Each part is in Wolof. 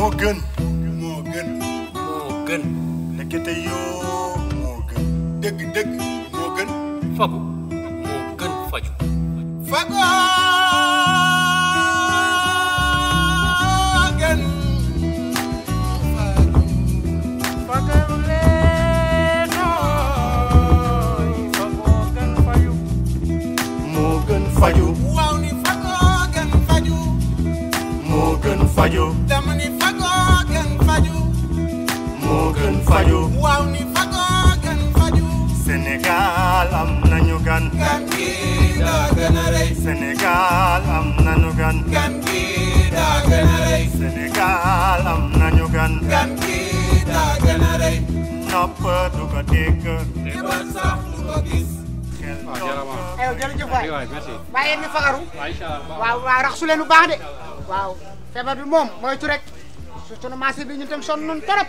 Morgan. Morgan. Morgan. Lekkete yoo Morgan. Dëgg Morgan, Morgan. Fagu. Morgan faju. Morgan Fajo. Wow, ni Morgan gan Morgan Mo gan Fajo. Damani moo gën faju waaw ni fago gën faju Sénégal am nañu gan gan gi da gën rey Sénégal am nañu gan gan gi da gën rey Sénégal am nañu gan gan gi da gën a rey nopp du ko dégg te bët sax du ko gis ah, ayo jërëjëf waay bàyyi ni fagaru ah, waaw waaw rax su leen bu baax de waaw feebar bi moom moytu rek su sunu marché bi ñu tam sonn noonu torop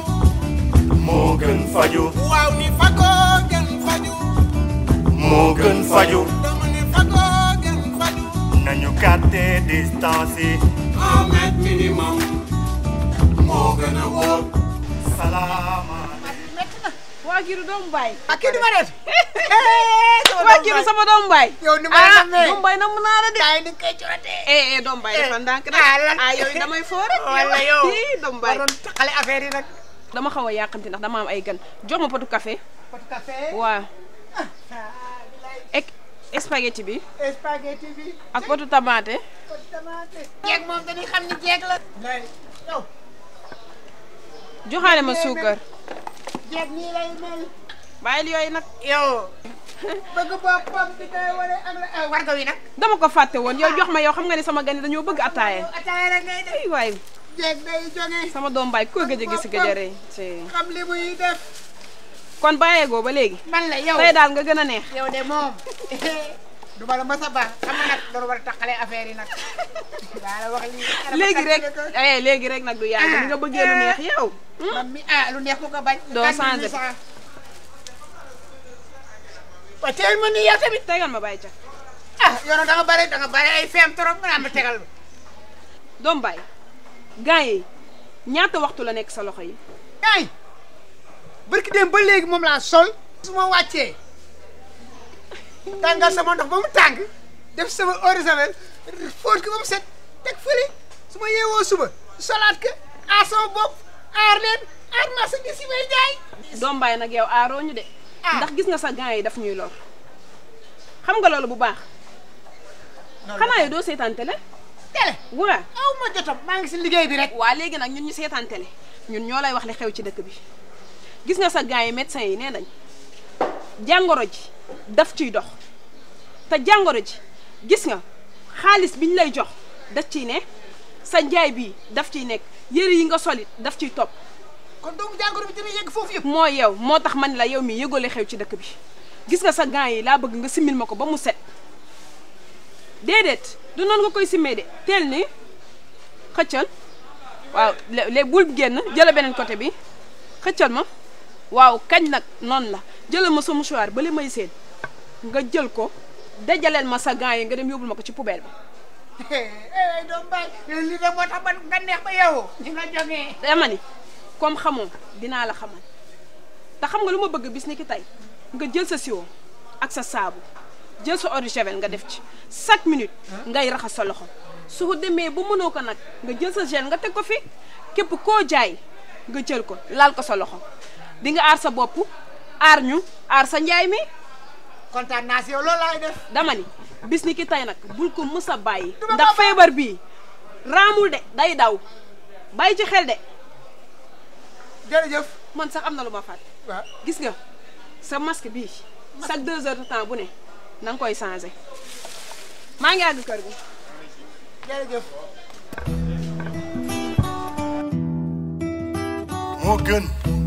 Morgan fayo, Wow, ni fago gen fayo, Morgan fayo, faju dama distansi, fago gën minimum Morgan gën a wóor salaama waa giru doomu baay ak sama doomu baay yow ni ma ah, eh, eh, eh dama xaw a yàqamti ndax dama am ay gan jox ma potu café. potu café waaw. Ah, spaghetti bi. spaghetti bi. ak potu tamaate. jeeg moom dañuy xam ni jeeg la. joxaale ma suukar. jeeg nii lay mel. bàyyil yooyu nag. yow. bëgg boppam di koy wane dama ko fàtte woon yow jox ma yow xam nga ne sama gan yi dañoo bëgg attaaye. attaaye rek jeeg day jonge sama doom baay koo gëj a gis gëjëre xam li muy def kon bàyyeegoo ba léegi man la yow tey daal nga gën a neex yow de moom du ma la mës a baax xam nga nag doon war a taqale affaire yi nag daa la wax li léegi rek eh, léegi rek nag du yàgg ah, ni nga bëggee lu neex yow ah. man mi ah lu neex ku ko bañ doo changé waaw teel ma nii yow tamit tegal ma bàyyi ca ah yow nag da nga bare da nga bare ay feem trop nga naan ma tegal ma doom bàyyi gants yi ñaata waxtu la nekk sa loxo yi. gants yi dem ba léegi moom laa sol. su ma wàccee tàngal sama ndox ba mu tàng def sama eau de javel fóot ko ba mu set teg fële su ma yeewoo suba solaat ko aar sama bopp aar leen aar marchandise yi may jaay. doom baay nag yow aaroo ñu de. Ah. ndax gis nga sa gants yi daf ñuy lor xam nga loolu bu baax. xanaa yow doo seetaan télé télé waa aw ma jotam maa ngi si liggéey bi rek waa léegi nag ñun ñu seetaan télé ñun ñoo lay wax li xew ci dëkk bi gis nga sa gars yi médecins yi nee nañ jàngoro ji daf ciy dox te jàngoro ji gis nga xaalis bi lay jox daf ciy ne sa njaay bii daf ciy nekk yëre yi nga solit daf ciy topp kon donc jàngoro bi dina yegg foofu yëpp moo yow moo tax man la yow mi yëgoo li xew ci dëkk bi gis nga sa gants yi laa bëgg nga simmil ma ko ba mu set déedéet du noonu nga koy simmee de teel ni xëccal waaw léegi bul génn jëla beneen côté bi xëccal ma waaw kañ nag noonu la jëla ma sa ba bale may seen nga jël ko dajaleel ma sa gants yi nga dem yóbbul ma ko ci poubelle bi eh, eh doom baay eh, li moo tax man nga ba yow di nga jógee. dama ni comme xamoo dinaa la xamal te xam nga lu ma bëgg bis ni ki tey nga jël sa siwo ak sa saabu jël sa eau nga def ci chaque minute ngay raxas sa loxo su ko demee ba mënoo ko nag nga jël sa gel nga teg ko fi képp koo jaay nga jël ko laal ko sa loxo di nga aar sa bopp aar ñu aar sa njaay mi. kontaan naa si yow loolu laay dama ni bis ni tey nag bul ko mës a bàyyi. ndax feebar bi raamul de day daw bàyyi ci xel de. jërëjëf. man sax am na lu ma fàtte. gis nga sa masque bi chaque deux heures de temps bu ne. na nga koy changé maa ngi àgg kër gi moo gën